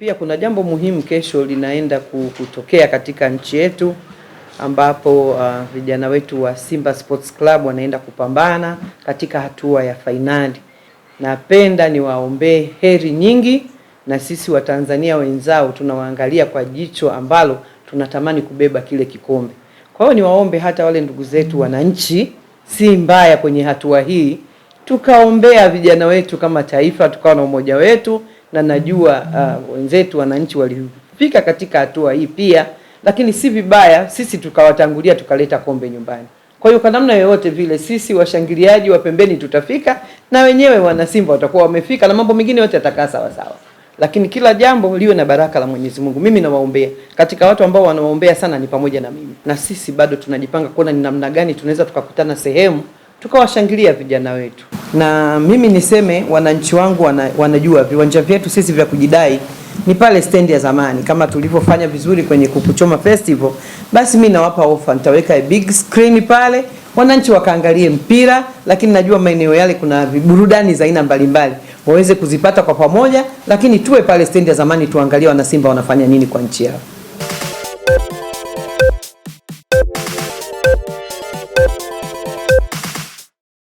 Pia kuna jambo muhimu kesho linaenda kutokea katika nchi yetu ambapo uh, vijana wetu wa Simba Sports Club wanaenda kupambana katika hatua ya fainali. Napenda niwaombee heri nyingi, na sisi Watanzania wenzao tunawaangalia kwa jicho ambalo tunatamani kubeba kile kikombe. Kwa hiyo niwaombe hata wale ndugu zetu wananchi, si mbaya kwenye hatua hii tukaombea vijana wetu kama taifa, tukawa na umoja wetu na najua uh, wenzetu wananchi walifika katika hatua hii pia, lakini si vibaya sisi tukawatangulia tukaleta kombe nyumbani. Kwa hiyo kwa namna yoyote vile sisi washangiliaji wa pembeni tutafika, na wenyewe wana Simba watakuwa wamefika, na mambo mengine yote yatakaa sawa sawa, lakini kila jambo liwe na baraka la Mwenyezi Mungu. Mimi nawaombea, katika watu ambao wanawaombea sana ni pamoja na mimi, na sisi bado tunajipanga kuona ni namna gani tunaweza tukakutana sehemu tukawashangilia vijana wetu na mimi niseme wananchi wangu wana, wanajua viwanja vyetu sisi vya kujidai ni pale stendi ya zamani. Kama tulivyofanya vizuri kwenye Kukuchoma Festival, basi mi nawapa ofa, nitaweka a big screen pale wananchi wakaangalie mpira, lakini najua maeneo yale kuna viburudani za aina mbalimbali waweze kuzipata kwa pamoja, lakini tuwe pale stendi ya zamani tuangalie wanasimba wanafanya nini kwa nchi yao.